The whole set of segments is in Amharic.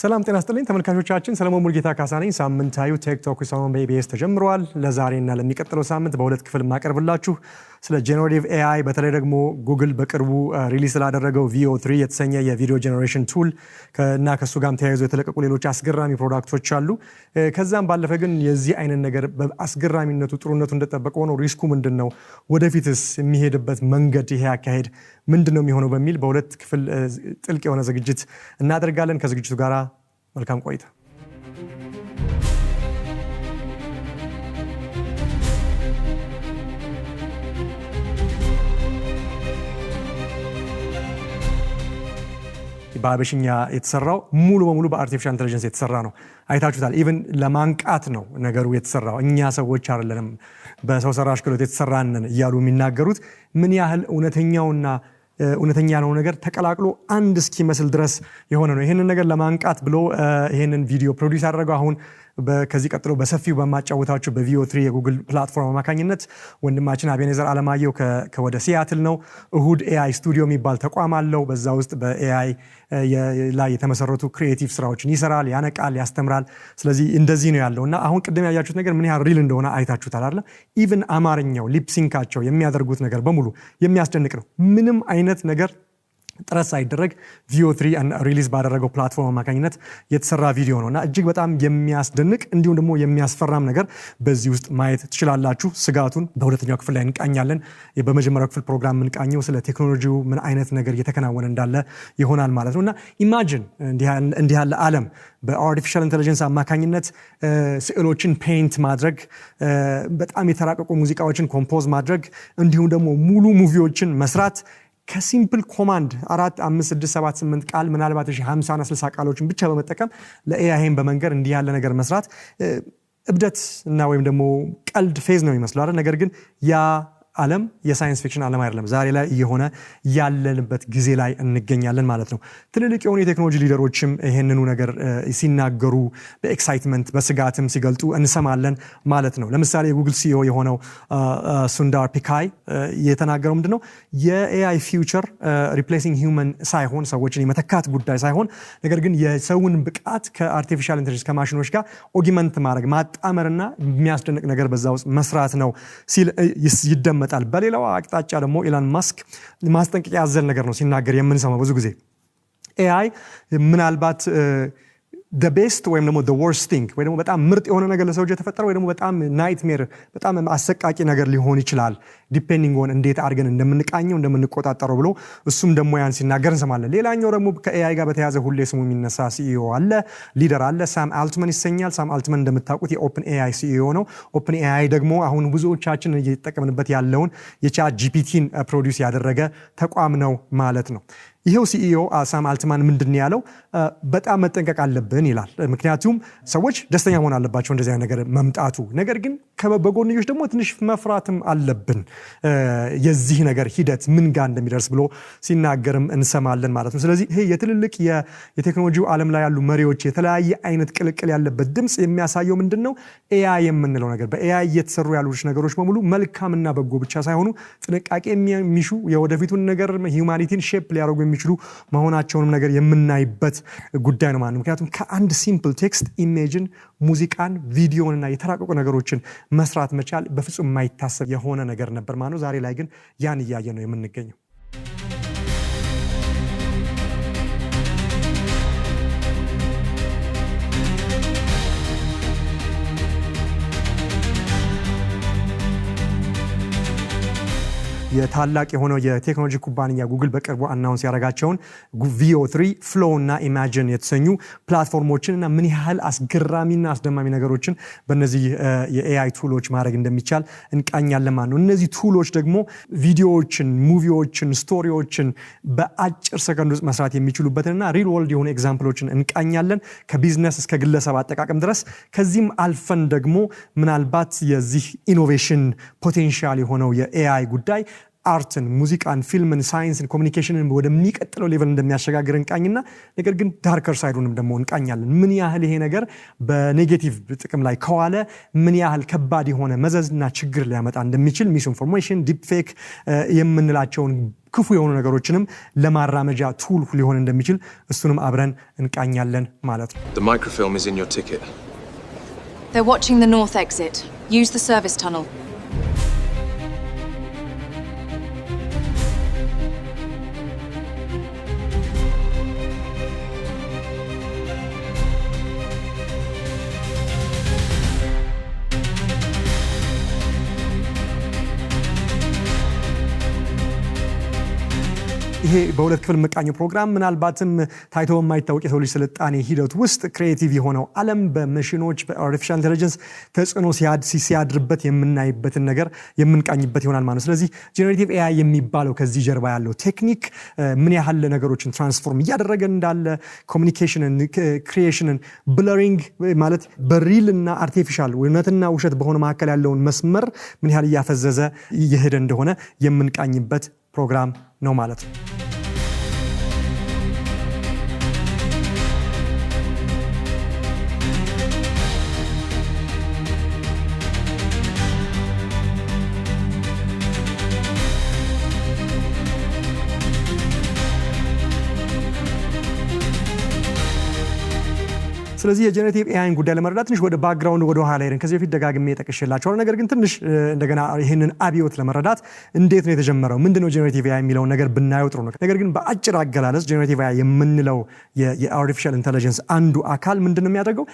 ሰላም ጤና ስጥልኝ ተመልካቾቻችን፣ ሰለሞን ሙልጌታ ካሳ ነኝ። ሳምንታዊ ቴክቶክ ሰሞን በኢቢኤስ ተጀምረዋል። ለዛሬና ለሚቀጥለው ሳምንት በሁለት ክፍል ማቀርብላችሁ ስለ ጀነሬቲቭ ኤአይ በተለይ ደግሞ ጉግል በቅርቡ ሪሊስ ስላደረገው ቪኦ ትሪ የተሰኘ የቪዲዮ ጄኔሬሽን ቱል እና ከእሱ ጋም ተያይዞ የተለቀቁ ሌሎች አስገራሚ ፕሮዳክቶች አሉ። uh, ከዛም ባለፈ ግን የዚህ አይነት ነገር በአስገራሚነቱ ጥሩነቱ እንደጠበቀ ሆኖ ሪስኩ ምንድን ነው? ወደፊትስ የሚሄድበት መንገድ ይሄ አካሄድ ምንድን ነው የሚሆነው? በሚል በሁለት ክፍል uh, ጥልቅ የሆነ ዝግጅት እናደርጋለን። ከዝግጅቱ ጋራ መልካም ቆይታ በአበሽኛ የተሰራው ሙሉ በሙሉ በአርቲፊሻል ኢንቴሊጀንስ የተሰራ ነው። አይታችሁታል። ኢቨን ለማንቃት ነው ነገሩ የተሰራው። እኛ ሰዎች አይደለንም በሰው ሰራሽ ክሎት የተሰራንን እያሉ የሚናገሩት ምን ያህል እውነተኛውና እውነተኛ ያልሆነ ነገር ተቀላቅሎ አንድ እስኪመስል ድረስ የሆነ ነው። ይህንን ነገር ለማንቃት ብሎ ይህንን ቪዲዮ ፕሮዲስ ያደረገው አሁን ከዚህ ቀጥሎ በሰፊው በማጫወታችሁ በቪኦ ትሪ የጉግል ፕላትፎርም አማካኝነት ወንድማችን አቤኔዘር አለማየሁ ከወደ ሲያትል ነው። እሁድ ኤአይ ስቱዲዮ የሚባል ተቋም አለው። በዛ ውስጥ በኤአይ ላይ የተመሰረቱ ክሪኤቲቭ ስራዎችን ይሰራል፣ ያነቃል፣ ያስተምራል። ስለዚህ እንደዚህ ነው ያለው እና አሁን ቅድም ያያችሁት ነገር ምን ያህል ሪል እንደሆነ አይታችሁታል አለ ኢቨን አማርኛው ሊፕሲንካቸው የሚያደርጉት ነገር በሙሉ የሚያስደንቅ ነው። ምንም አይነት ነገር ጥረት ሳይደረግ ቪኦ ሪሊዝ ባደረገው ፕላትፎርም አማካኝነት የተሰራ ቪዲዮ ነው እና እጅግ በጣም የሚያስደንቅ እንዲሁም ደግሞ የሚያስፈራም ነገር በዚህ ውስጥ ማየት ትችላላችሁ። ስጋቱን በሁለተኛው ክፍል ላይ እንቃኛለን። በመጀመሪያው ክፍል ፕሮግራም የምንቃኘው ስለ ቴክኖሎጂው ምን አይነት ነገር እየተከናወነ እንዳለ ይሆናል ማለት ነው እና ኢማጅን እንዲህ ያለ አለም በአርቲፊሻል ኢንቴሊጀንስ አማካኝነት ስዕሎችን ፔይንት ማድረግ፣ በጣም የተራቀቁ ሙዚቃዎችን ኮምፖዝ ማድረግ እንዲሁም ደግሞ ሙሉ ሙቪዎችን መስራት ከሲምፕል ኮማንድ አራት አምስት ስድስት ሰባት ስምንት ቃል ምናልባት እሺ ሀምሳና ስልሳ ቃሎችን ብቻ በመጠቀም ለኤአይን በመንገር እንዲህ ያለ ነገር መስራት እብደት እና ወይም ደግሞ ቀልድ ፌዝ ነው ይመስላል። ነገር ግን ያ ዓለም የሳይንስ ፊክሽን ዓለም አይደለም። ዛሬ ላይ እየሆነ ያለንበት ጊዜ ላይ እንገኛለን ማለት ነው። ትልልቅ የሆኑ የቴክኖሎጂ ሊደሮችም ይህንኑ ነገር ሲናገሩ በኤክሳይትመንት በስጋትም ሲገልጡ እንሰማለን ማለት ነው። ለምሳሌ የጉግል ሲዮ የሆነው ሱንዳር ፒካይ የተናገረው ምንድነው የኤአይ ፊውቸር ሪፕሌሲንግ ሂውመን ሳይሆን ሰዎችን የመተካት ጉዳይ ሳይሆን ነገር ግን የሰውን ብቃት ከአርቲፊሻል ኢንቴሊጀንስ ከማሽኖች ጋር ኦጊመንት ማድረግ ማጣመርና የሚያስደንቅ ነገር በዛ ውስጥ መስራት ነው ሲል ይደመ ይመጣል። በሌላው አቅጣጫ ደግሞ ኢላን ማስክ ማስጠንቀቂያ ያዘል ነገር ነው ሲናገር የምንሰማው ብዙ ጊዜ ኤአይ ምናልባት ደቤስት ወይም ደግሞ ወርስ ቲንግ ወይ ደግሞ በጣም ምርጥ የሆነ ነገር ለሰው የተፈጠረ ወይ ደግሞ በጣም ናይትሜር በጣም አሰቃቂ ነገር ሊሆን ይችላል። ዲፔንዲንግ ኦን እንዴት አድርገን እንደምንቃኘው እንደምንቆጣጠረው ብሎ እሱም ደግሞ ያን ሲናገር እንሰማለን። ሌላኛው ደግሞ ከኤአይ ጋር በተያዘ ሁሌ ስሙ የሚነሳ ሲኢዮ አለ፣ ሊደር አለ፣ ሳም አልትመን ይሰኛል። ሳም አልትመን እንደምታውቁት የኦፕን ኤአይ ሲኢዮ ነው። ኦፕን ኤአይ ደግሞ አሁን ብዙዎቻችን እየተጠቀምንበት ያለውን የቻት ጂፒቲን ፕሮዲስ ያደረገ ተቋም ነው ማለት ነው። ይኸው ሲኢኦ ሳም አልትማን ምንድን ያለው በጣም መጠንቀቅ አለብን ይላል። ምክንያቱም ሰዎች ደስተኛ መሆን አለባቸው እንደዚህ አይነት ነገር መምጣቱ፣ ነገር ግን በጎንዮች ደግሞ ትንሽ መፍራትም አለብን የዚህ ነገር ሂደት ምን ጋር እንደሚደርስ ብሎ ሲናገርም እንሰማለን ማለት ነው። ስለዚህ ይሄ የትልልቅ የቴክኖሎጂው ዓለም ላይ ያሉ መሪዎች የተለያየ አይነት ቅልቅል ያለበት ድምፅ የሚያሳየው ምንድን ነው? ኤአይ የምንለው ነገር በኤአይ እየተሰሩ ያሉ ነገሮች በሙሉ መልካምና በጎ ብቻ ሳይሆኑ ጥንቃቄ የሚሹ የወደፊቱን ነገር ሂውማኒቲን ሼፕ ሊያደርጉ የሚ የሚችሉ መሆናቸውንም ነገር የምናይበት ጉዳይ ነው ማለት ምክንያቱም ከአንድ ሲምፕል ቴክስት ኢሜጅን፣ ሙዚቃን፣ ቪዲዮንና የተራቀቁ ነገሮችን መስራት መቻል በፍጹም የማይታሰብ የሆነ ነገር ነበር ማለት ነው። ዛሬ ላይ ግን ያን እያየ ነው የምንገኘው። የታላቅ የሆነው የቴክኖሎጂ ኩባንያ ጉግል በቅርቡ አናውንስ ያደረጋቸውን ቪኦ ትሪ እና ኢማጅን የተሰኙ ፕላትፎርሞችን እና ምን ያህል አስገራሚና አስደማሚ ነገሮችን በነዚህ የኤአይ ቱሎች ማድረግ እንደሚቻል እንቃኛለን ማለት ነው። እነዚህ ቱሎች ደግሞ ቪዲዮዎችን፣ ሙቪዎችን፣ ስቶሪዎችን በአጭር ሰከንድ ውስጥ መስራት የሚችሉበትን እና ሪል ወርልድ የሆኑ ኤግዛምፕሎችን እንቃኛለን ከቢዝነስ እስከ ግለሰብ አጠቃቀም ድረስ ከዚህም አልፈን ደግሞ ምናልባት የዚህ ኢኖቬሽን ፖቴንሻል የሆነው የኤአይ ጉዳይ አርትን፣ ሙዚቃን፣ ፊልምን፣ ሳይንስን፣ ኮሚኒኬሽንን ወደሚቀጥለው ሌቨል እንደሚያሸጋግር እንቃኝና ነገር ግን ዳርከር ሳይዱንም ደግሞ እንቃኛለን። ምን ያህል ይሄ ነገር በኔጌቲቭ ጥቅም ላይ ከዋለ ምን ያህል ከባድ የሆነ መዘዝና ችግር ሊያመጣ እንደሚችል ዲፕ ፌክ የምንላቸውን ክፉ የሆኑ ነገሮችንም ለማራመጃ ቱል ሊሆን እንደሚችል እሱንም አብረን እንቃኛለን ማለት ነው። The microfilm is in your ይሄ በሁለት ክፍል መቃኘው ፕሮግራም ምናልባትም ታይቶ የማይታወቅ የሰው ልጅ ስልጣኔ ሂደት ውስጥ ክሪኤቲቭ የሆነው አለም በመሽኖች በአርቲፊሻል ኢንቴሊጀንስ ተጽዕኖ ሲያድርበት የምናይበትን ነገር የምንቃኝበት ይሆናል ማለት ነው። ስለዚህ ጄኔሬቲቭ ኤአይ የሚባለው ከዚህ ጀርባ ያለው ቴክኒክ ምን ያህል ነገሮችን ትራንስፎርም እያደረገ እንዳለ ኮሚኒኬሽንን፣ ክሪኤሽንን፣ ብለሪንግ ማለት በሪል እና አርቲፊሻል እውነትና ውሸት በሆነ መካከል ያለውን መስመር ምን ያህል እያፈዘዘ እየሄደ እንደሆነ የምንቃኝበት ፕሮግራም ነው ማለት ነው። ስለዚህ የጀነሬቲቭ ኤአይን ጉዳይ ለመረዳት ትንሽ ወደ ባክግራውንድ ወደ ኋላ ሄደን ከዚህ በፊት ደጋግሜ ጠቅሼላቸዋለሁ። ነገር ግን ትንሽ እንደገና ይህንን አብዮት ለመረዳት እንዴት ነው የተጀመረው፣ ነው ጀነሬቲቭ ኤአይ የሚለውን ነገር ብናየው ጥሩ ነው። ነገር ግን በአጭር አገላለጽ ጀነሬቲቭ ኤአይ የምንለው የአርቲፊሻል ኢንቴሊጀንስ አንዱ አካል ምንድን ነው የሚያደርገው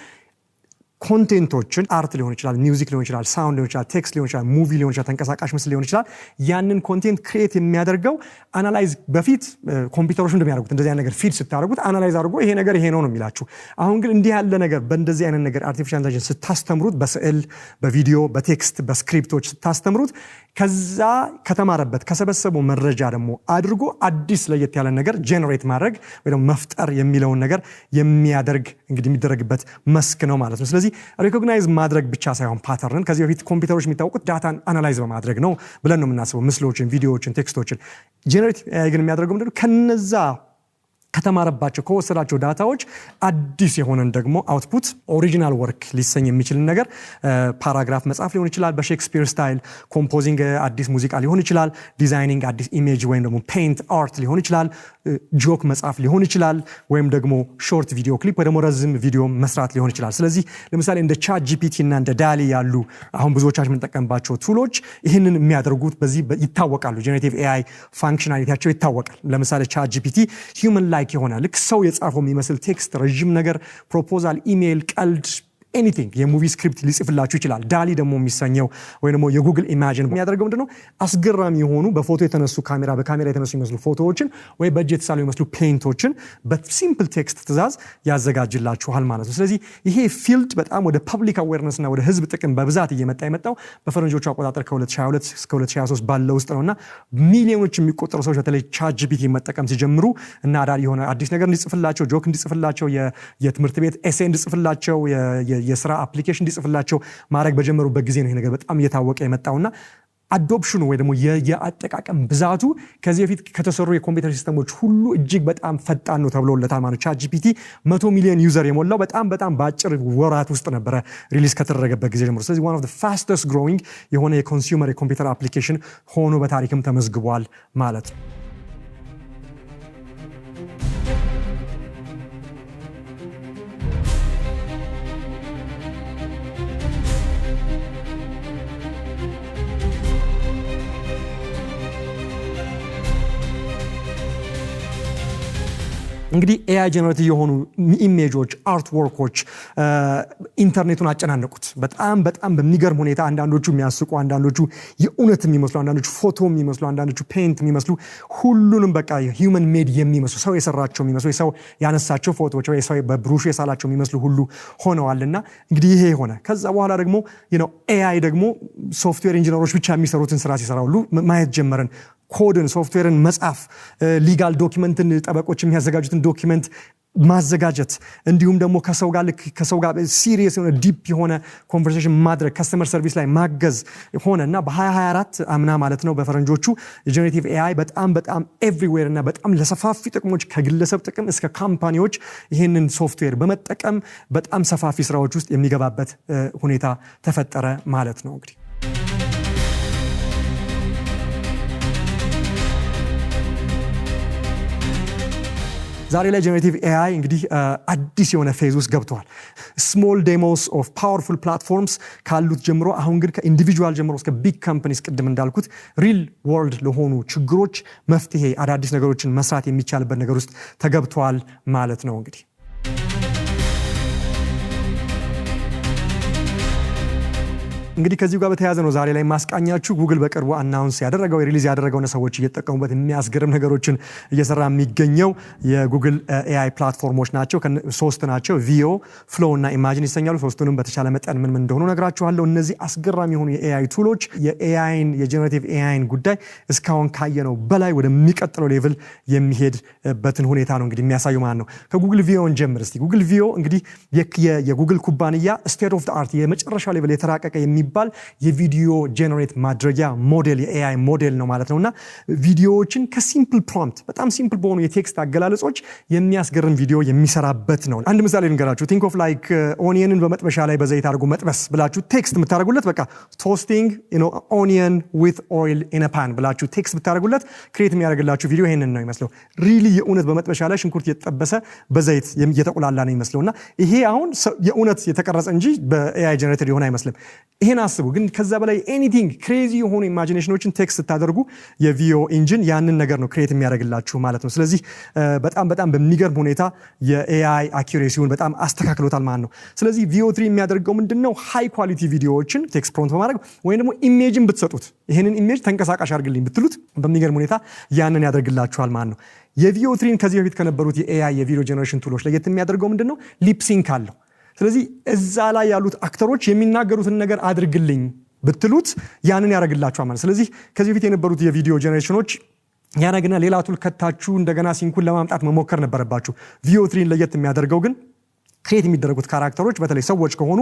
ኮንቴንቶችን አርት ሊሆን ይችላል፣ ሚውዚክ ሊሆን ይችላል፣ ሳውንድ ሊሆን ይችላል፣ ቴክስት ሊሆን ይችላል፣ ሙቪ ሊሆን ይችላል፣ ተንቀሳቃሽ ምስል ሊሆን ይችላል። ያንን ኮንቴንት ክሬት የሚያደርገው አናላይዝ በፊት ኮምፒውተሮች እንደሚያደርጉት እንደዚህ አይነት ነገር ፊድ ስታደርጉት አናላይዝ አድርጎ ይሄ ነገር ይሄ ነው ነው የሚላችሁ። አሁን ግን እንዲህ ያለ ነገር በእንደዚህ አይነት ነገር አርቲፊሻል ኢንተለጀንስ ስታስተምሩት፣ በስዕል፣ በቪዲዮ፣ በቴክስት፣ በስክሪፕቶች ስታስተምሩት ከዛ ከተማረበት ከሰበሰበው መረጃ ደግሞ አድርጎ አዲስ ለየት ያለ ነገር ጄኔሬት ማድረግ ወይ ደግሞ መፍጠር የሚለውን ነገር የሚያደርግ እንግዲህ የሚደረግበት መስክ ነው ማለት ነው። ስለዚህ ስለዚህ ሪኮግናይዝ ማድረግ ብቻ ሳይሆን ፓተርንን ከዚህ በፊት ኮምፒውተሮች የሚታወቁት ዳታን አናላይዝ በማድረግ ነው ብለን ነው የምናስበው፣ ምስሎችን፣ ቪዲዮዎችን፣ ቴክስቶችን። ጄኔሬቲቭ ግን የሚያደርገው ምንድነው ከነዛ ከተማረባቸው ከወሰዳቸው ዳታዎች አዲስ የሆነን ደግሞ አውትፑት ኦሪጂናል ወርክ ሊሰኝ የሚችልን ነገር ፓራግራፍ መጽሐፍ ሊሆን ይችላል፣ በሼክስፒር ስታይል ኮምፖዚንግ አዲስ ሙዚቃ ሊሆን ይችላል፣ ዲዛይኒንግ አዲስ ኢሜጅ ወይም ደግሞ ፔንት አርት ሊሆን ይችላል፣ ጆክ መጽሐፍ ሊሆን ይችላል፣ ወይም ደግሞ ሾርት ቪዲዮ ክሊፕ ወይ ደግሞ ረዝም ቪዲዮ መስራት ሊሆን ይችላል። ስለዚህ ለምሳሌ እንደ ቻት ጂፒቲ እና እንደ ዳሊ ያሉ አሁን ብዙዎቻችን የምንጠቀምባቸው ቱሎች ይህንን የሚያደርጉት በዚህ ይታወቃሉ። ጄኔሬቲቭ ኤአይ ፋንክሽናሊቲያቸው ይታወቃል። ለምሳሌ ቻት ጂፒቲ ሂውመን ላይ ላይክ ይሆናል። ልክ ሰው የጻፈው የሚመስል ቴክስት፣ ረዥም ነገር፣ ፕሮፖዛል፣ ኢሜይል፣ ቀልድ ኤኒቲንግ የሙቪ ስክሪፕት ሊጽፍላችሁ ይችላል። ዳሊ ደግሞ የሚሰኘው ወይ ደግሞ የጉግል ኢማጅን የሚያደርገው ምንድነው አስገራሚ የሆኑ በፎቶ የተነሱ ካሜራ በካሜራ የተነሱ የሚመስሉ ፎቶዎችን ወይ በእጅ የተሳሉ የሚመስሉ ፔንቶችን በሲምፕል ቴክስት ትእዛዝ ያዘጋጅላችኋል ማለት ነው። ስለዚህ ይሄ ፊልድ በጣም ወደ ፐብሊክ አዌርነስ እና ወደ ህዝብ ጥቅም በብዛት እየመጣ የመጣው በፈረንጆቹ አቆጣጠር ከ2022 እስከ 2023 ባለው ውስጥ ነውና ሚሊዮኖች የሚቆጠሩ ሰዎች በተለይ ቻት ጂፒቲ መጠቀም ሲጀምሩ እና አዳሪ የሆነ አዲስ ነገር እንዲጽፍላቸው ጆክ እንዲጽፍላቸው የትምህርት ቤት ኤሴ እንዲጽፍላቸው የስራ አፕሊኬሽን እንዲጽፍላቸው ማድረግ በጀመሩበት ጊዜ ነው ይሄ ነገር በጣም እየታወቀ የመጣውና አዶፕሽኑ ወይ ደግሞ የአጠቃቀም ብዛቱ ከዚህ በፊት ከተሰሩ የኮምፒውተር ሲስተሞች ሁሉ እጅግ በጣም ፈጣን ነው ተብሎለታል። ማለት ቻት ጂፒቲ መቶ ሚሊዮን ዩዘር የሞላው በጣም በጣም በአጭር ወራት ውስጥ ነበረ ሪሊዝ ከተደረገበት ጊዜ ጀምሮ። ስለዚህ ዋን ኦፍ ፋስተስት ግሮዊንግ የሆነ የኮንሱመር የኮምፒውተር አፕሊኬሽን ሆኖ በታሪክም ተመዝግቧል ማለት ነው። እንግዲህ ኤአይ ጀነሬት የሆኑ ኢሜጆች አርትወርኮች ኢንተርኔቱን አጨናነቁት። በጣም በጣም በሚገርም ሁኔታ አንዳንዶቹ የሚያስቁ፣ አንዳንዶቹ የእውነት የሚመስሉ፣ አንዳንዶቹ ፎቶ የሚመስሉ፣ አንዳንዶቹ ፔንት የሚመስሉ፣ ሁሉንም በቃ ሂውመን ሜድ የሚመስሉ ሰው የሰራቸው የሚመስሉ ሰው ያነሳቸው ፎቶዎች ወይ ሰው በብሩሹ የሳላቸው የሚመስሉ ሁሉ ሆነዋል። እና እንግዲህ ይሄ ሆነ። ከዛ በኋላ ደግሞ ኤአይ ደግሞ ሶፍትዌር ኢንጂነሮች ብቻ የሚሰሩትን ስራ ሲሰራ ሁሉ ማየት ጀመርን። ኮድን፣ ሶፍትዌርን መጻፍ፣ ሊጋል ዶኪመንትን ጠበቆች የሚያዘጋጁትን ዶኪመንት ማዘጋጀት እንዲሁም ደግሞ ከሰው ጋር ልክ ከሰው ጋር ሲሪየስ የሆነ ዲፕ የሆነ ኮንቨርሴሽን ማድረግ ከስተመር ሰርቪስ ላይ ማገዝ ሆነ እና በ 224 አምና ማለት ነው በፈረንጆቹ ጀኔሬቲቭ ኤአይ በጣም በጣም ኤቭሪዌር እና በጣም ለሰፋፊ ጥቅሞች ከግለሰብ ጥቅም እስከ ካምፓኒዎች ይህንን ሶፍትዌር በመጠቀም በጣም ሰፋፊ ስራዎች ውስጥ የሚገባበት ሁኔታ ተፈጠረ ማለት ነው እንግዲህ ዛሬ ላይ ጀነሬቲቭ ኤአይ እንግዲህ አዲስ የሆነ ፌዝ ውስጥ ገብተዋል። ስሞል ዴሞስ ኦፍ ፓወርፉል ፕላትፎርምስ ካሉት ጀምሮ አሁን ግን ከኢንዲቪጁዋል ጀምሮ እስከ ቢግ ካምፓኒስ ቅድም እንዳልኩት ሪል ወርልድ ለሆኑ ችግሮች መፍትሄ አዳዲስ ነገሮችን መስራት የሚቻልበት ነገር ውስጥ ተገብተዋል ማለት ነው እንግዲህ እንግዲህ ከዚሁ ጋር በተያያዘ ነው ዛሬ ላይ ማስቃኛችሁ። ጉግል በቅርቡ አናውንስ ያደረገው ሪሊዝ ያደረገው ሰዎች እየጠቀሙበት የሚያስገርም ነገሮችን እየሰራ የሚገኘው የጉግል ኤአይ ፕላትፎርሞች ናቸው። ሶስት ናቸው፣ ቪዮ፣ ፍሎ እና ኢማጂን ይሰኛሉ። ሶስቱንም በተቻለ መጠን ምን ምን እንደሆኑ ነግራችኋለሁ። እነዚህ አስገራሚ የሆኑ የኤአይ ቱሎች የኤአይን የጀነሬቲቭ ኤአይን ጉዳይ እስካሁን ካየነው በላይ ወደሚቀጥለው ሌቭል የሚሄድበትን ሁኔታ ነው እንግዲህ የሚያሳዩ ማለት ነው። ከጉግል ቪዮን ጀምር እስቲ። ጉግል ቪዮ እንግዲህ የጉግል ኩባንያ ስቴት ኦፍ ዘ አርት የመጨረሻ ሌቭል የተራቀቀ የሚ የሚባል የቪዲዮ ጀነሬት ማድረጊያ ሞዴል የኤአይ ሞዴል ነው ማለት ነው እና ቪዲዮዎችን ከሲምፕል ፕሮምፕት በጣም ሲምፕል በሆኑ የቴክስት አገላለጾች የሚያስገርም ቪዲዮ የሚሰራበት ነው። አንድ ምሳሌ ልንገራችሁ። ቲንክ ኦፍ ላይክ ኦኒየንን በመጥበሻ ላይ በዘይት አድርጎ መጥበስ ብላችሁ ቴክስት ብታደርጉለት በቃ ቶስቲንግ ኦኒየን ዊት ኦይል ኢነፓን ብላችሁ ቴክስት ብታደርጉለት ክሬት የሚያደርግላችሁ ቪዲዮ ይሄንን ነው ይመስለው። ሪሊ የእውነት በመጥበሻ ላይ ሽንኩርት የተጠበሰ በዘይት የተቆላላ ነው ይመስለው እና ይሄ አሁን የእውነት የተቀረጸ እንጂ በኤአይ ጀነሬትድ የሆነ አይመስልም። ይሄ ይሄን አስቡ። ግን ከዛ በላይ ኤኒቲንግ ክሬዚ የሆኑ ኢማጂኔሽኖችን ቴክስት ስታደርጉ የቪዮ ኢንጂን ያንን ነገር ነው ክሬት የሚያደርግላችሁ ማለት ነው። ስለዚህ በጣም በጣም በሚገርም ሁኔታ የኤአይ አኪሬሲውን በጣም አስተካክሎታል ማለት ነው። ስለዚህ ቪዮ ትሪ የሚያደርገው ምንድን ነው? ሃይ ኳሊቲ ቪዲዮዎችን ቴክስ ፕሮንት በማድረግ ወይም ደግሞ ኢሜጅን ብትሰጡት ይህንን ኢሜጅ ተንቀሳቃሽ አድርግልኝ ብትሉት በሚገርም ሁኔታ ያንን ያደርግላችኋል ማለት ነው። የቪኦ ትሪን ከዚህ በፊት ከነበሩት የኤአይ የቪዲዮ ጀኔሬሽን ቱሎች ለየት የሚያደርገው ምንድን ነው? ሊፕሲንክ አለው ስለዚህ እዛ ላይ ያሉት አክተሮች የሚናገሩትን ነገር አድርግልኝ ብትሉት ያንን ያደርግላችኋል ማለት። ስለዚህ ከዚህ በፊት የነበሩት የቪዲዮ ጀኔሬሽኖች ያነግና ሌላ ቱል ከታችሁ እንደገና ሲንኩን ለማምጣት መሞከር ነበረባችሁ። ቪኦ ትሪን ለየት የሚያደርገው ግን ክሬት የሚደረጉት ካራክተሮች በተለይ ሰዎች ከሆኑ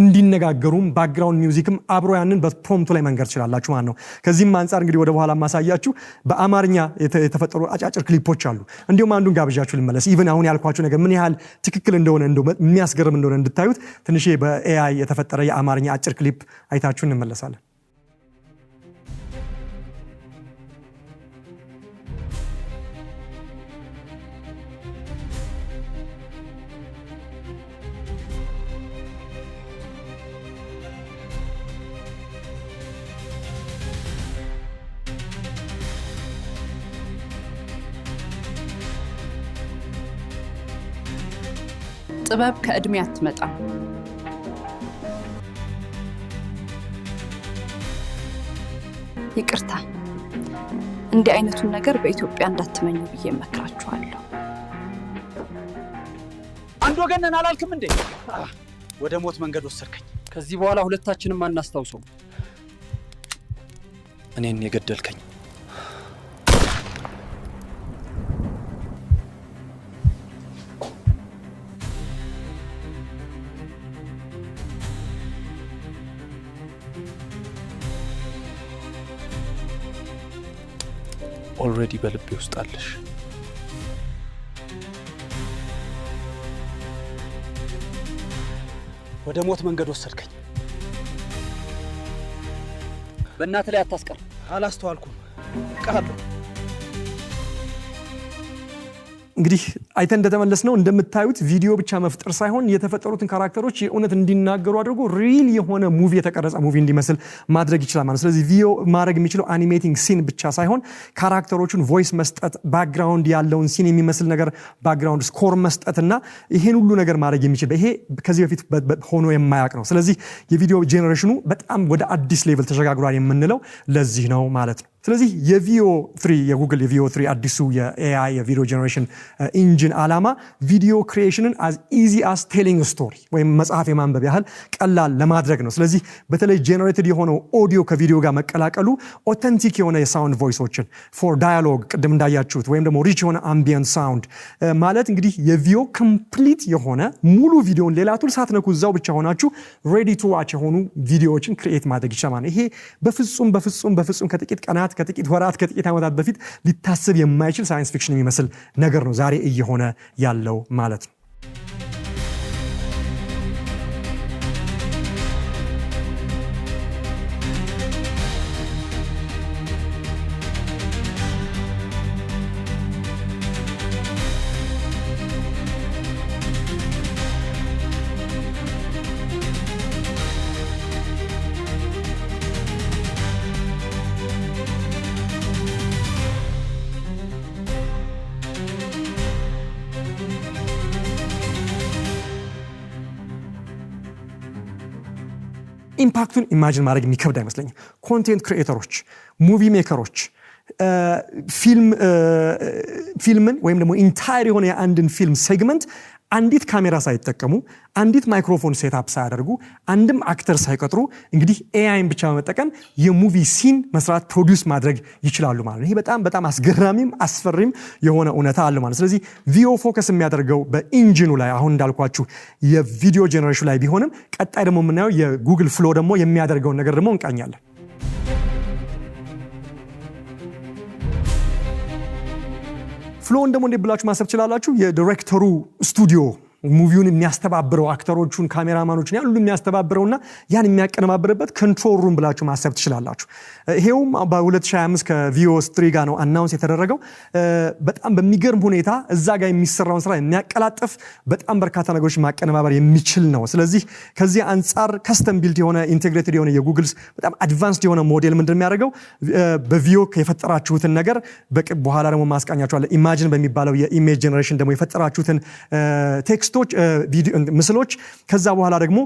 እንዲነጋገሩም ባክግራውንድ ሚውዚክም አብሮ ያንን በፕሮምቱ ላይ መንገድ ትችላላችሁ ማለት ነው። ከዚህም አንጻር እንግዲህ ወደ በኋላ ማሳያችሁ በአማርኛ የተፈጠሩ አጫጭር ክሊፖች አሉ። እንዲሁም አንዱን ጋብዣችሁ ልመለስ። ኢቨን አሁን ያልኳችሁ ነገር ምን ያህል ትክክል እንደሆነ የሚያስገርም እንደሆነ እንድታዩት ትንሽ በኤአይ የተፈጠረ የአማርኛ አጭር ክሊፕ አይታችሁ እንመለሳለን። ጥበብ ከዕድሜ አትመጣም። ይቅርታ፣ እንዲህ አይነቱን ነገር በኢትዮጵያ እንዳትመኙ ብዬ እመክራችኋለሁ። አንድ ወገንን አላልክም እንዴ? ወደ ሞት መንገድ ወሰድከኝ። ከዚህ በኋላ ሁለታችንም አናስታውሰው። እኔን የገደልከኝ ኦልሬዲ በልቤ ውስጥ አለሽ። ወደ ሞት መንገድ ወሰድከኝ። በእናት ላይ አታስቀር። አላስተዋልኩም ቃሉ እንግዲህ አይተን እንደተመለስነው እንደምታዩት ቪዲዮ ብቻ መፍጠር ሳይሆን የተፈጠሩትን ካራክተሮች የእውነት እንዲናገሩ አድርጎ ሪል የሆነ ሙቪ የተቀረጸ ሙቪ እንዲመስል ማድረግ ይችላል ማለት። ስለዚህ ቪዲዮ ማድረግ የሚችለው አኒሜቲንግ ሲን ብቻ ሳይሆን ካራክተሮቹን ቮይስ መስጠት፣ ባክግራውንድ ያለውን ሲን የሚመስል ነገር ባክግራውንድ ስኮር መስጠት እና ይሄን ሁሉ ነገር ማድረግ የሚችል ይሄ ከዚህ በፊት ሆኖ የማያውቅ ነው። ስለዚህ የቪዲዮ ጄኔሬሽኑ በጣም ወደ አዲስ ሌቭል ተሸጋግሯል የምንለው ለዚህ ነው ማለት ነው። ስለዚህ የቪኦ የጉግል የቪኦ አዲሱ የኤአይ የቪዲዮ ጀኔሬሽን ኢንጂን ዓላማ ቪዲዮ ክሪኤሽንን አዝ ኢዚ አስ ቴሊንግ ስቶሪ ወይም መጽሐፍ የማንበብ ያህል ቀላል ለማድረግ ነው። ስለዚህ በተለይ ጄኔሬትድ የሆነው ኦዲዮ ከቪዲዮ ጋር መቀላቀሉ ኦተንቲክ የሆነ የሳውንድ ቮይሶችን ፎር ዳያሎግ ቅድም እንዳያችሁት ወይም ደግሞ ሪች የሆነ አምቢየንት ሳውንድ ማለት እንግዲህ የቪዮ ኮምፕሊት የሆነ ሙሉ ቪዲዮን ሌላ ቱል ሳትነኩ እዛው ብቻ ሆናችሁ ሬዲ ቱ ዋች የሆኑ ቪዲዮዎችን ክሪኤት ማድረግ ይቻላል ይሄ በፍጹም በፍጹም በፍጹም ከጥቂት ቀናት ከጥቂት ወራት ከጥቂት ዓመታት በፊት ሊታሰብ የማይችል ሳይንስ ፊክሽን የሚመስል ነገር ነው ዛሬ እየሆነ ያለው ማለት ነው። ኢምፓክቱን ኢማጅን ማድረግ የሚከብድ አይመስለኝም። ኮንቴንት ክሪኤተሮች፣ ሙቪ ሜከሮች ፊልምን ወይም ደግሞ ኢንታየር የሆነ የአንድን ፊልም ሴግመንት አንዲት ካሜራ ሳይጠቀሙ አንዲት ማይክሮፎን ሴታፕ ሳያደርጉ አንድም አክተር ሳይቀጥሩ እንግዲህ ኤአይን ብቻ በመጠቀም የሙቪ ሲን መስራት ፕሮዲውስ ማድረግ ይችላሉ ማለት ነው። ይሄ በጣም በጣም አስገራሚም አስፈሪም የሆነ እውነታ አለ ማለት ነው። ስለዚህ ቪዲዮ ፎከስ የሚያደርገው በኢንጂኑ ላይ አሁን እንዳልኳችሁ የቪዲዮ ጀነሬሽን ላይ ቢሆንም ቀጣይ ደግሞ የምናየው የጉግል ፍሎ ደግሞ የሚያደርገውን ነገር ደግሞ እንቃኛለን። ፍሎውን ደግሞ እንዴት ብላችሁ ማሰብ ትችላላችሁ? የዲሬክተሩ ስቱዲዮ ሙቪውን የሚያስተባብረው አክተሮቹን፣ ካሜራማኖችን ሁሉ የሚያስተባብረውና ያን የሚያቀነባብርበት ኮንትሮል ሩም ብላችሁ ማሰብ ትችላላችሁ። ይሄውም በ2025 ከቪኦኤ ትሪ ጋር ነው አናውንስ የተደረገው። በጣም በሚገርም ሁኔታ እዛ ጋር የሚሰራውን ስራ የሚያቀላጥፍ በጣም በርካታ ነገሮች ማቀነባበር የሚችል ነው። ስለዚህ ከዚህ አንጻር ከስተም ቢልድ የሆነ ኢንቴግሬትድ የሆነ የጉግልስ በጣም አድቫንስድ የሆነ ሞዴል ምንድ የሚያደርገው በቪዮ የፈጠራችሁትን ነገር በኋላ ደግሞ ማስቃኛቸኋለ ኢማጅን በሚባለው የኢሜጅ ጀኔሬሽን ደግሞ የፈጠራችሁትን ቴክስት ቴክስቶች፣ ምስሎች ከዛ በኋላ ደግሞ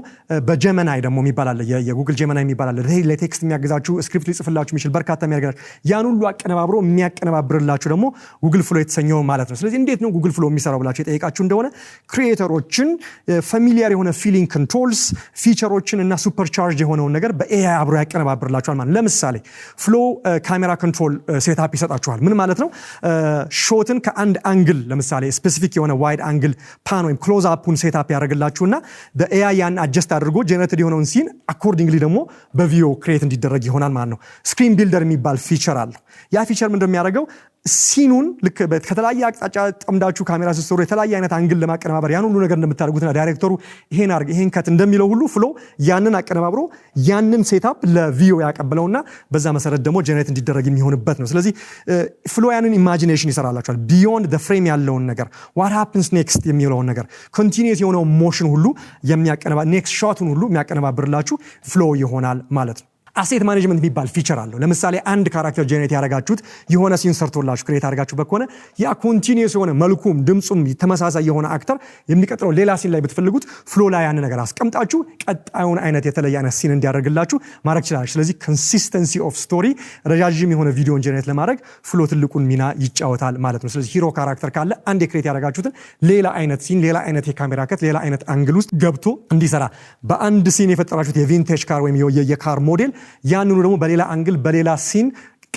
በጀመናይ ደግሞ የሚባላለ የጉግል ጀመናይ የሚባላለ ለቴክስት የሚያገዛችሁ ስክሪፕት ሊጽፍላችሁ የሚችል በርካታ የሚያገዛችሁ ያን ሁሉ አቀነባብሮ የሚያቀነባብርላችሁ ደግሞ ጉግል ፍሎ የተሰኘው ማለት ነው። ስለዚህ እንዴት ነው ጉግል ፍሎ የሚሰራው ብላችሁ የጠየቃችሁ እንደሆነ ክሪኤተሮችን ፋሚሊያር የሆነ ፊሊንግ ኮንትሮልስ ፊቸሮችን እና ሱፐርቻርጅ የሆነውን ነገር በኤአይ አብሮ ያቀነባብርላችኋል ማለት። ለምሳሌ ፍሎ ካሜራ ኮንትሮል ሴታፕ ይሰጣችኋል። ምን ማለት ነው? ሾትን ከአንድ አንግል ለምሳሌ ስፔሲፊክ የሆነ ዋይድ አንግል ፓን ወይም ክሎ ክሎዝ አፑን ሴት አፕ ያደረግላችሁና በኤአይ ያን አጀስት አድርጎ ጀነትድ የሆነውን ሲን አኮርዲንግሊ ደግሞ በቪዮ ክሬት እንዲደረግ ይሆናል ማለት ነው። ስክሪን ቢልደር የሚባል ፊቸር አለው። ያ ፊቸር ምንድን ሲኑን ልክ ከተለያየ አቅጣጫ ጠምዳችሁ ካሜራ ስትሰሩ የተለያየ አይነት አንግል ለማቀነባበር ያን ሁሉ ነገር እንደምታደርጉትና ዳይሬክተሩ ይሄን አርግ ይሄን ከት እንደሚለው ሁሉ ፍሎ ያንን አቀነባብሮ ያንን ሴታፕ ለቪዮ ያቀብለውና በዛ መሰረት ደግሞ ጀነሬት እንዲደረግ የሚሆንበት ነው። ስለዚህ ፍሎ ያንን ኢማጂኔሽን ይሰራላችኋል። ቢዮንድ ደ ፍሬም ያለውን ነገር ዋት ሃፕንስ ኔክስት የሚለውን ነገር ኮንቲኒየስ የሆነው ሞሽን ሁሉ ኔክስት ሾቱን ሁሉ የሚያቀነባብርላችሁ ፍሎ ይሆናል ማለት ነው። አሴት ማኔጅመንት የሚባል ፊቸር አለው። ለምሳሌ አንድ ካራክተር ጄኔሬት ያደረጋችሁት የሆነ ሲን ሰርቶላችሁ ክሬት አድርጋችሁበት ከሆነ ያ ኮንቲኒየስ የሆነ መልኩም ድምፁም ተመሳሳይ የሆነ አክተር የሚቀጥለው ሌላ ሲን ላይ ብትፈልጉት ፍሎ ላይ ያን ነገር አስቀምጣችሁ ቀጣዩን አይነት የተለየ አይነት ሲን እንዲያደርግላችሁ ማድረግ ይችላል። ስለዚህ ኮንሲስተንሲ ኦፍ ስቶሪ ረዣዥም የሆነ ቪዲዮን ጄኔሬት ለማድረግ ፍሎ ትልቁን ሚና ይጫወታል ማለት ነው። ስለዚህ ሂሮ ካራክተር ካለ አንድ ክሬት ያደረጋችሁትን ሌላ አይነት ሲን፣ ሌላ አይነት የካሜራ ከት፣ ሌላ አይነት አንግል ውስጥ ገብቶ እንዲሰራ በአንድ ሲን የፈጠራችሁት የቪንቴጅ ካር ወይም የካር ሞዴል ያንኑ ደግሞ በሌላ አንግል በሌላ ሲን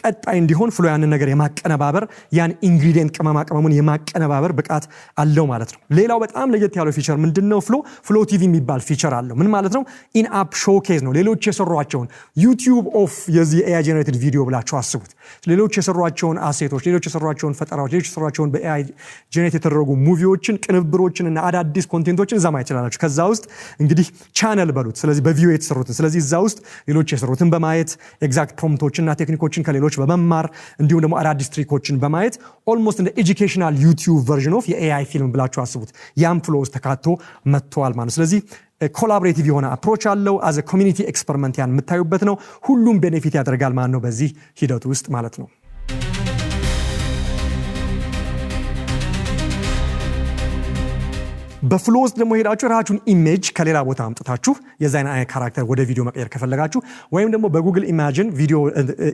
ቀጣይ እንዲሆን ፍሎ ያንን ነገር የማቀነባበር ያን ኢንግሪዲየንት ቅመማ ቅመሙን የማቀነባበር ብቃት አለው ማለት ነው። ሌላው በጣም ለየት ያለው ፊቸር ምንድነው? ፍሎ ፍሎ ቲቪ የሚባል ፊቸር አለው። ምን ማለት ነው? ኢን አፕ ሾኬዝ ነው። ሌሎች የሰሯቸውን ዩቲዩብ ኦፍ የዚህ ኤአይ ጀነሬትድ ቪዲዮ ብላችሁ አስቡት። ሌሎች የሰሯቸውን አሴቶች፣ ሌሎች የሰሯቸውን ፈጠራዎች፣ ሌሎች የሰሯቸውን በኤአይ ጀነሬት የተደረጉ ሙቪዎችን፣ ቅንብሮችን እና አዳዲስ ኮንቴንቶችን እዛ ማየት ይችላላችሁ። ከዛ ውስጥ እንግዲህ ቻነል በሉት። ስለዚህ በቪዮ የተሰሩትን ስለዚህ እዛ ውስጥ ሌሎች የሰሩትን በማየት ኤግዛክት እና ቴክኒኮችን ከሌሎች ሞዴሎች በመማር እንዲሁም ደግሞ አዳዲስ ትሪኮችን በማየት ኦልሞስት እንደ ኤጁኬሽናል ዩቲዩብ ቨርዥን ኦፍ የኤአይ ፊልም ብላችሁ አስቡት። ያም ፍሎ ውስጥ ተካቶ መጥተዋል ማለት ስለዚህ ኮላቦሬቲቭ የሆነ አፕሮች አለው። አዘ ኮሚኒቲ ኤክስፐሪመንት ያን የምታዩበት ነው። ሁሉም ቤኔፊት ያደርጋል ማለት ነው በዚህ ሂደት ውስጥ ማለት ነው። በፍሎ ውስጥ ደግሞ ሄዳችሁ ራችሁን ኢሜጅ ከሌላ ቦታ አምጥታችሁ የዛይን አይነት ካራክተር ወደ ቪዲዮ መቀየር ከፈለጋችሁ ወይም ደግሞ በጉግል ኢማጅን ቪዲዮ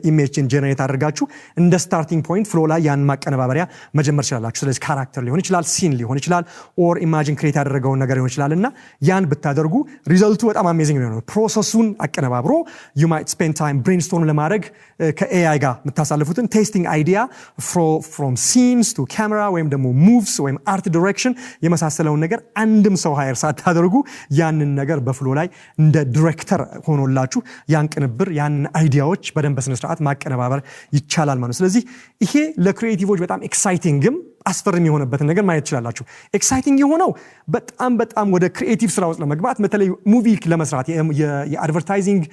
ኢሜጅን ጀነሬት አድርጋችሁ እንደ ስታርቲንግ ፖይንት ፍሎ ላይ ያን ማቀነባበሪያ መጀመር ይችላላችሁ። ስለዚህ ካራክተር ሊሆን ይችላል፣ ሲን ሊሆን ይችላል፣ ኦር ኢማጂን ክሬት ያደረገውን ነገር ሊሆን ይችላል እና ያን ብታደርጉ ሪዘልቱ በጣም አሜዚንግ ነው። ፕሮሰሱን አቀነባብሮ ዩ ማይት ስፔንድ ታይም ብሬንስቶን ለማድረግ uh, ከኤአይ ጋር የምታሳልፉትን ቴስቲንግ አይዲያ ፍሮም ሲንስ ቱ ካሜራ ወይም ደግሞ ሙቭስ ወይም አርት ዲሬክሽን የመሳሰለውን ነገር ነገር አንድም ሰው ሀይር ሳታደርጉ ያንን ነገር በፍሎ ላይ እንደ ዲሬክተር ሆኖላችሁ ያን ቅንብር ያንን አይዲያዎች በደንብ ስነስርዓት ማቀነባበር ይቻላል ማለት ነው። ስለዚህ ይሄ ለክሪኤቲቮች በጣም ኤክሳይቲንግም አስፈርም የሆነበትን ነገር ማየት ትችላላችሁ። ኤክሳይቲንግ የሆነው በጣም በጣም ወደ ክሪኤቲቭ ስራ ውስጥ ለመግባት በተለይ ሙቪ ለመስራት የአድቨርታይዚንግ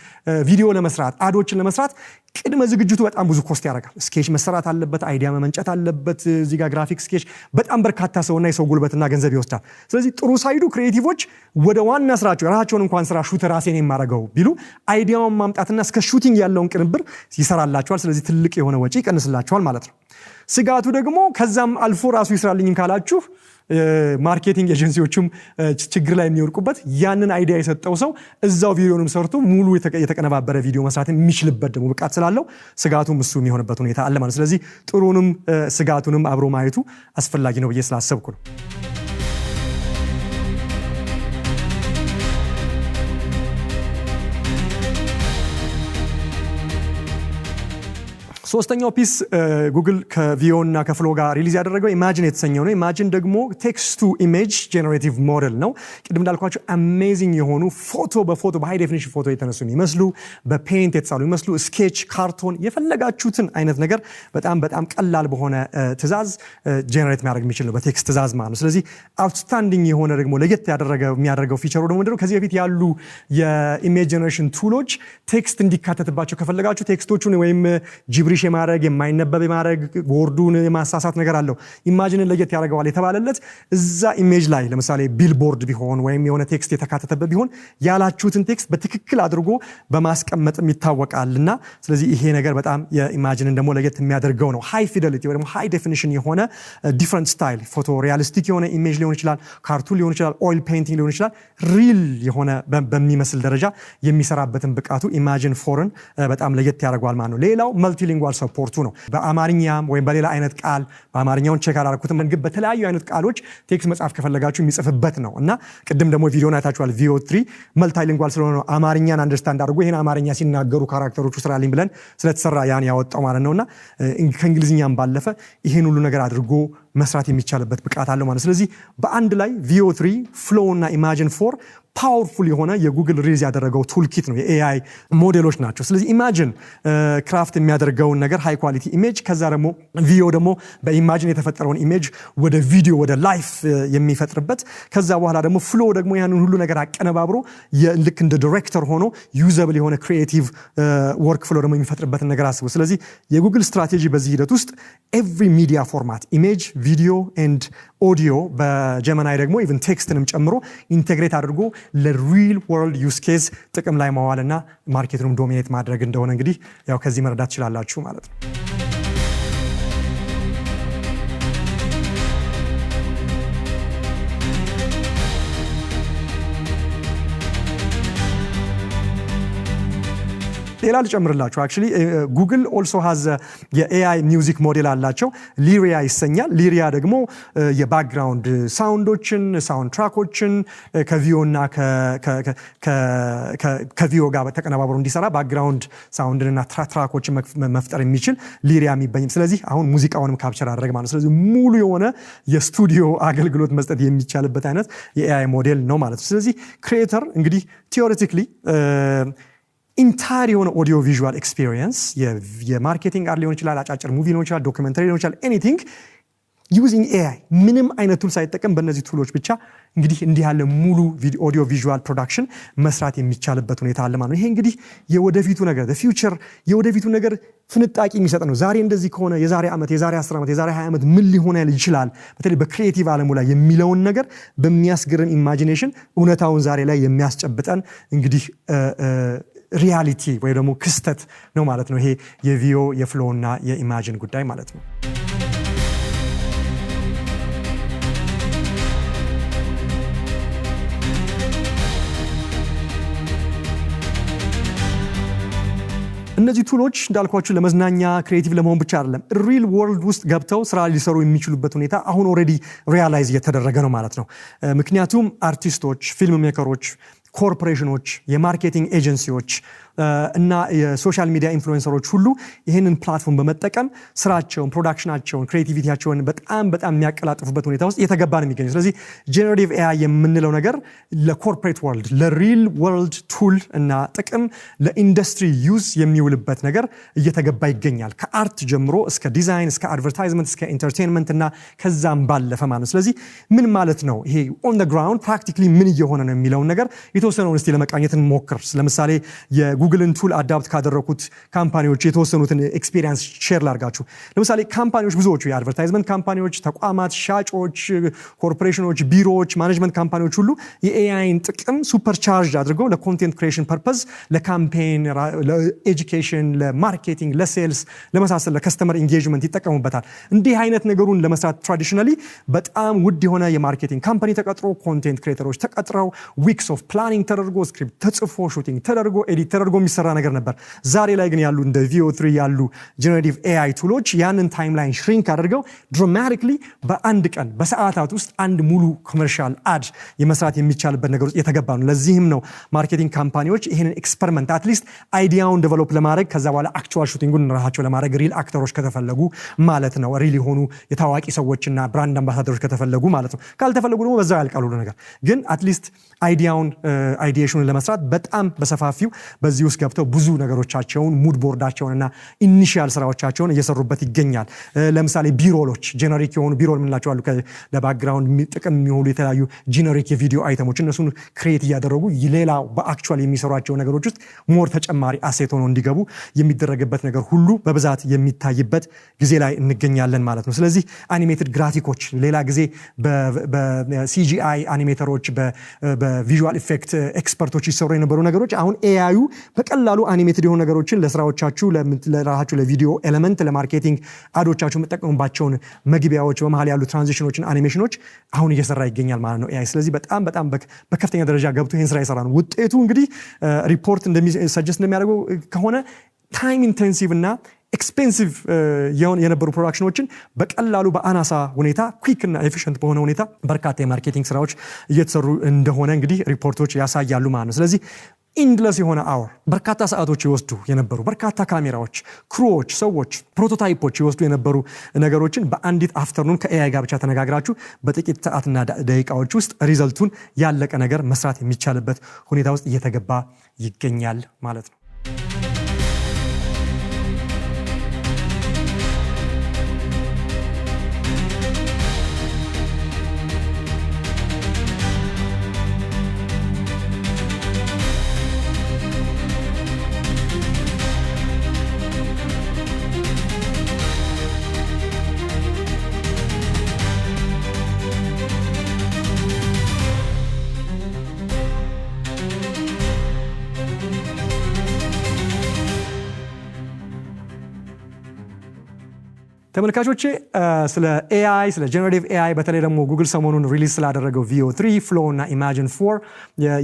ቪዲዮ ለመስራት አዶችን ለመስራት ቅድመ ዝግጅቱ በጣም ብዙ ኮስት ያደርጋል። ስኬች መሰራት አለበት፣ አይዲያ መመንጨት አለበት። እዚጋ ግራፊክ ስኬች በጣም በርካታ ሰውና የሰው ጉልበትና ገንዘብ ይወስዳል። ስለዚህ ጥሩ ሳይዱ ክሪኤቲቮች ወደ ዋና ስራቸው የራሳቸውን እንኳን ስራ ሹት ራሴን የማደርገው ቢሉ አይዲያውን ማምጣትና እስከ ሹቲንግ ያለውን ቅንብር ይሰራላቸዋል። ስለዚህ ትልቅ የሆነ ወጪ ይቀንስላቸዋል ማለት ነው። ስጋቱ ደግሞ ከዛም አልፎ ራሱ ይስራልኝም ካላችሁ ማርኬቲንግ ኤጀንሲዎቹም ችግር ላይ የሚወድቁበት ያንን አይዲያ የሰጠው ሰው እዛው ቪዲዮንም ሰርቶ ሙሉ የተቀነባበረ ቪዲዮ መስራት የሚችልበት ደግሞ ብቃት ስላለው ስጋቱም እሱ የሚሆንበት ሁኔታ አለ ማለት። ስለዚህ ጥሩንም ስጋቱንም አብሮ ማየቱ አስፈላጊ ነው ብዬ ስላሰብኩ ነው። ሶስተኛው ፒስ ጉግል ከቪዮ እና ከፍሎ ጋር ሪሊዝ ያደረገው ኢማጂን የተሰኘው ነው። ኢማጂን ደግሞ ቴክስቱ ኢሜጅ ጀነሬቲቭ ሞዴል ነው። ቅድም እንዳልኳቸው አሜዚንግ የሆኑ ፎቶ በፎቶ በሃይ ዴፊኒሽን ፎቶ የተነሱ የሚመስሉ በፔንት የተሳሉ የሚመስሉ ስኬች፣ ካርቶን የፈለጋችሁትን አይነት ነገር በጣም በጣም ቀላል በሆነ ትዛዝ ጀነሬት የሚያደርግ የሚችል ነው፣ በቴክስት ትዕዛዝ ማለት ነው። ስለዚህ አውትስታንዲንግ የሆነ ደግሞ ለየት የሚያደርገው ፊቸሩ ደግሞ ምንድነው? ከዚህ በፊት ያሉ የኢሜጅ ጀነሬሽን ቱሎች ቴክስት እንዲካተትባቸው ከፈለጋችሁ ቴክስቶቹን ወይም ጅብሪ ፊሽ የማድረግ የማይነበብ የማድረግ ቦርዱን የማሳሳት ነገር አለው። ኢማጅንን ለየት ያደርገዋል የተባለለት እዛ ኢሜጅ ላይ ለምሳሌ ቢልቦርድ ቢሆን ወይም የሆነ ቴክስት የተካተተበት ቢሆን ያላችሁትን ቴክስት በትክክል አድርጎ በማስቀመጥም ይታወቃል እና ስለዚህ ይሄ ነገር በጣም የኢማጅንን ደግሞ ለየት የሚያደርገው ነው። ሃይ ፊደሊቲ ወይ ሃይ ዴፊኒሽን የሆነ ዲፍረንት ስታይል ፎቶ ሪያሊስቲክ የሆነ ኢሜጅ ሊሆን ይችላል፣ ካርቱን ሊሆን ይችላል፣ ኦይል ፔይንቲንግ ሊሆን ይችላል። ሪል የሆነ በሚመስል ደረጃ የሚሰራበትን ብቃቱ ኢማጅን ፎርን በጣም ለየት ያደርገዋል ማለት ነው። ሌላው መልቲሊንጓ ቪዥዋል ሰፖርቱ ነው። በአማርኛም ወይም በሌላ አይነት ቃል በአማርኛውን ቼክ አላረኩትም፣ ግን በተለያዩ አይነት ቃሎች ቴክስት መጽሐፍ ከፈለጋችሁ የሚጽፍበት ነው እና ቅድም ደግሞ ቪዲዮን አይታችኋል። ቪኦ ትሪ መልታይሊንጓል ስለሆነ ነው አማርኛን አንደርስታንድ አድርጎ ይህን አማርኛ ሲናገሩ ካራክተሮቹ ስራልኝ ብለን ስለተሰራ ያን ያወጣው ማለት ነው እና ከእንግሊዝኛም ባለፈ ይህን ሁሉ ነገር አድርጎ መስራት የሚቻልበት ብቃት አለው ማለት ስለዚህ በአንድ ላይ ቪኦ ትሪ ፍሎው እና ኢማጂን ፎር ፓወርፉል የሆነ የጉግል ሪዝ ያደረገው ቱልኪት ነው። የኤአይ ሞዴሎች ናቸው። ስለዚህ ኢማጅን ክራፍት uh, የሚያደርገውን ነገር ሃይ ኳሊቲ ኢሜጅ፣ ከዛ ደግሞ ቪዲዮ ደግሞ በኢማጅን የተፈጠረውን ኢሜጅ ወደ ቪዲዮ ወደ ላይፍ uh, የሚፈጥርበት ከዛ በኋላ ደግሞ ፍሎ ደግሞ ያንን ሁሉ ነገር አቀነባብሮ ልክ እንደ ዲሬክተር ሆኖ ዩዘብል የሆነ ክሪኤቲቭ ወርክ ፍሎ ደግሞ የሚፈጥርበትን ነገር አስቡ። ስለዚህ የጉግል ስትራቴጂ በዚህ ሂደት ውስጥ ኤቭሪ ሚዲያ ፎርማት ኢሜጅ፣ ቪዲዮ ኤንድ ኦዲዮ በጀመናይ ደግሞ ኢቨን ቴክስትንም ጨምሮ ኢንቴግሬት አድርጎ ለሪል ወርልድ ዩስ ኬዝ ጥቅም ላይ ማዋልና ማርኬቱንም ዶሚኔት ማድረግ እንደሆነ እንግዲህ ያው ከዚህ መረዳት ትችላላችሁ ማለት ነው። ሌላ ልጨምርላቸው አክ ጉግል ኦልሶ ሀዘ የኤአይ ሚውዚክ ሞዴል አላቸው። ሊሪያ ይሰኛል። ሊሪያ ደግሞ eh, የባክግራውንድ ሳውንዶችን፣ ሳውንድ ትራኮችን eh, እና ከቪዮ ጋር ተቀነባብሮ እንዲሰራ ባክግራውንድ ሳውንድንና ትራኮችን መፍጠር የሚችል ሊሪያ የሚበኝም ስለዚህ አሁን ሙዚቃውንም ካፕቸር አድረግ ማለት ስለዚህ ሙሉ የሆነ የስቱዲዮ አገልግሎት መስጠት የሚቻልበት አይነት የኤአይ ሞዴል ነው ማለት ነው። ስለዚህ ክሪኤተር እንግዲህ ቲዎሬቲክሊ ኢንታይር የሆነ ኦዲዮ ቪዥዋል ኤክስፒሪየንስ የማርኬቲንግ አር ሊሆን ይችላል፣ አጫጭር ሙቪ ሊሆን ይችላል፣ ዶክመንተሪ ሊሆን ይችላል፣ ኤኒቲንግ ዩዚንግ ኤአይ ምንም አይነት ቱል ሳይጠቀም በእነዚህ ቱሎች ብቻ እንግዲህ እንዲህ ያለ ሙሉ ኦዲዮ ቪዥዋል ፕሮዳክሽን መስራት የሚቻልበት ሁኔታ አለ ማለት ነው። ይሄ እንግዲህ የወደፊቱ ነገር ፊውቸር የወደፊቱ ነገር ፍንጣቂ የሚሰጥ ነው። ዛሬ እንደዚህ ከሆነ የዛሬ ዓመት፣ የዛሬ 10 ዓመት፣ የዛሬ 20 ዓመት ምን ሊሆን ይችላል በተለይ በክሪኤቲቭ ዓለሙ ላይ የሚለውን ነገር በሚያስገርም ኢማጂኔሽን እውነታውን ዛሬ ላይ የሚያስጨብጠን እንግዲህ ሪያሊቲ ወይ ደግሞ ክስተት ነው ማለት ነው። ይሄ የቪዮ የፍሎ እና የኢማጂን ጉዳይ ማለት ነው። እነዚህ ቱሎች እንዳልኳቸው ለመዝናኛ ክሬቲቭ ለመሆን ብቻ አይደለም። ሪል ወርልድ ውስጥ ገብተው ስራ ሊሰሩ የሚችሉበት ሁኔታ አሁን ኦረዲ ሪያላይዝ እየተደረገ ነው ማለት ነው። ምክንያቱም አርቲስቶች፣ ፊልም ሜከሮች ኮርፖሬሽኖች፣ የማርኬቲንግ ኤጀንሲዎች እና የሶሻል ሚዲያ ኢንፍሉዌንሰሮች ሁሉ ይህንን ፕላትፎርም በመጠቀም ስራቸውን፣ ፕሮዳክሽናቸውን፣ ክሬቲቪቲያቸውን በጣም በጣም የሚያቀላጥፉበት ሁኔታ ውስጥ የተገባ ነው የሚገኘው። ስለዚህ ጀነሬቲቭ ኤአይ የምንለው ነገር ለኮርፖሬት ወርልድ ለሪል ወርልድ ቱል እና ጥቅም ለኢንዱስትሪ ዩዝ የሚውልበት ነገር እየተገባ ይገኛል። ከአርት ጀምሮ እስከ ዲዛይን፣ እስከ አድቨርታይዝመንት፣ እስከ ኢንተርቴንመንት እና ከዛም ባለፈ ማለት ነው። ስለዚህ ምን ማለት ነው ይሄ ኦን ግራውንድ ፕራክቲካሊ ምን እየሆነ ነው የሚለውን ነገር የተወሰነውን እስቲ ለመቃኘት እንሞክር። ለምሳሌ የጉ የጉግልን ቱል አዳፕት ካደረኩት ካምፓኒዎች የተወሰኑትን ኤክስፔሪንስ ሼር ላርጋችሁ። ለምሳሌ ካምፓኒዎች ብዙዎቹ የአድቨርታይዝመንት ካምፓኒዎች፣ ተቋማት፣ ሻጮች፣ ኮርፖሬሽኖች፣ ቢሮዎች፣ ማኔጅመንት ካምፓኒዎች ሁሉ የኤአይን ጥቅም ሱፐር ቻርጅ አድርገው ለኮንቴንት ክሬሽን ፐርፐዝ፣ ለካምፔን፣ ለኤጁኬሽን፣ ለማርኬቲንግ፣ ለሴልስ፣ ለመሳሰል ለከስተመር ኢንጌጅመንት ይጠቀሙበታል። እንዲህ አይነት ነገሩን ለመስራት ትራዲሽናሊ በጣም ውድ የሆነ የማርኬቲንግ ካምፓኒ ተቀጥሮ ኮንቴንት ክሬተሮች ተቀጥረው ዊክስ ኦፍ ፕላኒንግ ተደርጎ ስክሪፕት ተጽፎ ሹቲንግ ተደርጎ ኤዲት ተደርጎ የሚሰራ ነገር ነበር። ዛሬ ላይ ግን ያሉ እንደ ቪኦ ያሉ ጀነሬቲቭ ኤአይ ቱሎች ያንን ታይምላይን ሽሪንክ አድርገው ድራማቲክሊ በአንድ ቀን በሰዓታት ውስጥ አንድ ሙሉ ኮመርሻል አድ የመስራት የሚቻልበት ነገር ውስጥ የተገባ ነው። ለዚህም ነው ማርኬቲንግ ካምፓኒዎች ይህንን ኤክስፐሪመንት አትሊስት አይዲያውን ዴቨሎፕ ለማድረግ ከዛ በኋላ አክቹዋል ሹቲንጉን እንራሳቸው ለማድረግ ሪል አክተሮች ከተፈለጉ ማለት ነው። ሪል የሆኑ የታዋቂ ሰዎችና ብራንድ አምባሳደሮች ከተፈለጉ ማለት ነው። ካልተፈለጉ ደግሞ በዛው ያልቃሉ። ነገር ግን አትሊስት አይዲያውን አይዲሽኑን ለመስራት በጣም በሰፋፊው በዚህ ውስጥ ገብተው ብዙ ነገሮቻቸውን ሙድ ቦርዳቸውንና ኢኒሽል ስራዎቻቸውን እየሰሩበት ይገኛል። ለምሳሌ ቢሮሎች ጀነሪክ የሆኑ ቢሮ የምንላቸው ለባክግራውንድ ጥቅም የሚሆኑ የተለያዩ ጄነሪክ የቪዲዮ አይተሞች እነሱን ክሬት እያደረጉ ሌላ በአክቹዋል የሚሰሯቸው ነገሮች ውስጥ ሞር ተጨማሪ አሴት ሆነው እንዲገቡ የሚደረግበት ነገር ሁሉ በብዛት የሚታይበት ጊዜ ላይ እንገኛለን ማለት ነው። ስለዚህ አኒሜትድ ግራፊኮች ሌላ ጊዜ በሲጂአይ አኒሜተሮች በቪዥዋል ኢፌክት ኤክስፐርቶች ይሰሩ የነበሩ ነገሮች አሁን ኤአዩ በቀላሉ አኒሜትድ የሆኑ ነገሮችን ለስራዎቻችሁ፣ ለራሳችሁ፣ ለቪዲዮ ኤለመንት፣ ለማርኬቲንግ አዶቻችሁ የምጠቀሙባቸውን መግቢያዎች፣ በመሀል ያሉ ትራንዚሽኖችን፣ አኒሜሽኖች አሁን እየሰራ ይገኛል ማለት ነው ኤአይ። ስለዚህ በጣም በጣም በከፍተኛ ደረጃ ገብቶ ይህን ስራ ይሰራ ነው። ውጤቱ እንግዲህ ሪፖርት ሰጀስት እንደሚያደርገው ከሆነ ታይም ኢንቴንሲቭ እና ኤክስፔንሲቭ የነበሩ ፕሮዳክሽኖችን በቀላሉ በአናሳ ሁኔታ ኩክ እና ኤፊሽንት በሆነ ሁኔታ በርካታ የማርኬቲንግ ስራዎች እየተሰሩ እንደሆነ እንግዲህ ሪፖርቶች ያሳያሉ ማለት ነው። ስለዚህ ኢንድለስ የሆነ አወር በርካታ ሰዓቶች ይወስዱ የነበሩ በርካታ ካሜራዎች፣ ክሩዎች፣ ሰዎች፣ ፕሮቶታይፖች ይወስዱ የነበሩ ነገሮችን በአንዲት አፍተርኑን ከኤአይ ጋር ብቻ ተነጋግራችሁ በጥቂት ሰዓትና ደቂቃዎች ውስጥ ሪዘልቱን ያለቀ ነገር መስራት የሚቻልበት ሁኔታ ውስጥ እየተገባ ይገኛል ማለት ነው። ተመልካቾቼ ስለ ኤአይ ስለ ጀነሬቲቭ ኤአይ በተለይ ደግሞ ጉግል ሰሞኑን ሪሊዝ ስላደረገው ቪዮ ትሪ ፍሎ እና ኢማጂን ፎር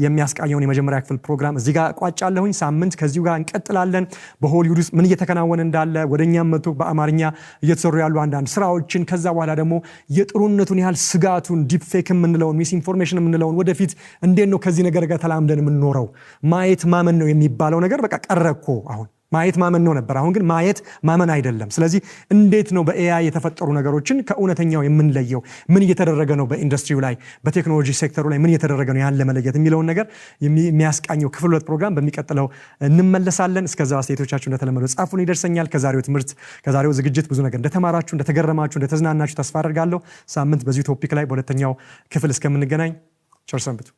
የሚያስቃኘውን የመጀመሪያ ክፍል ፕሮግራም እዚህ ጋር ቋጫለሁኝ። ሳምንት ከዚሁ ጋር እንቀጥላለን። በሆሊውድ ውስጥ ምን እየተከናወነ እንዳለ ወደ እኛም መቶ በአማርኛ እየተሰሩ ያሉ አንዳንድ ስራዎችን ከዛ በኋላ ደግሞ የጥሩነቱን ያህል ስጋቱን ዲፕፌክ የምንለውን ሚስ ኢንፎርሜሽን የምንለውን ወደፊት እንዴት ነው ከዚህ ነገር ጋር ተላምደን የምንኖረው ማየት ማመን ነው የሚባለው ነገር በቃ ቀረኮ አሁን ማየት ማመን ነው ነበር። አሁን ግን ማየት ማመን አይደለም። ስለዚህ እንዴት ነው በኤአይ የተፈጠሩ ነገሮችን ከእውነተኛው የምንለየው? ምን እየተደረገ ነው በኢንዱስትሪው ላይ በቴክኖሎጂ ሴክተሩ ላይ ምን እየተደረገ ነው ያን ለመለየት የሚለውን ነገር የሚያስቃኘው ክፍል ሁለት ፕሮግራም በሚቀጥለው እንመለሳለን። እስከዛ አስተያየቶቻችሁ እንደተለመደው ጻፉን፣ ይደርሰኛል። ከዛሬው ትምህርት ከዛሬው ዝግጅት ብዙ ነገር እንደተማራችሁ፣ እንደተገረማችሁ፣ እንደተዝናናችሁ ተስፋ አደርጋለሁ። ሳምንት በዚሁ ቶፒክ ላይ በሁለተኛው ክፍል እስከምንገናኝ ቸር ሰንብቱ።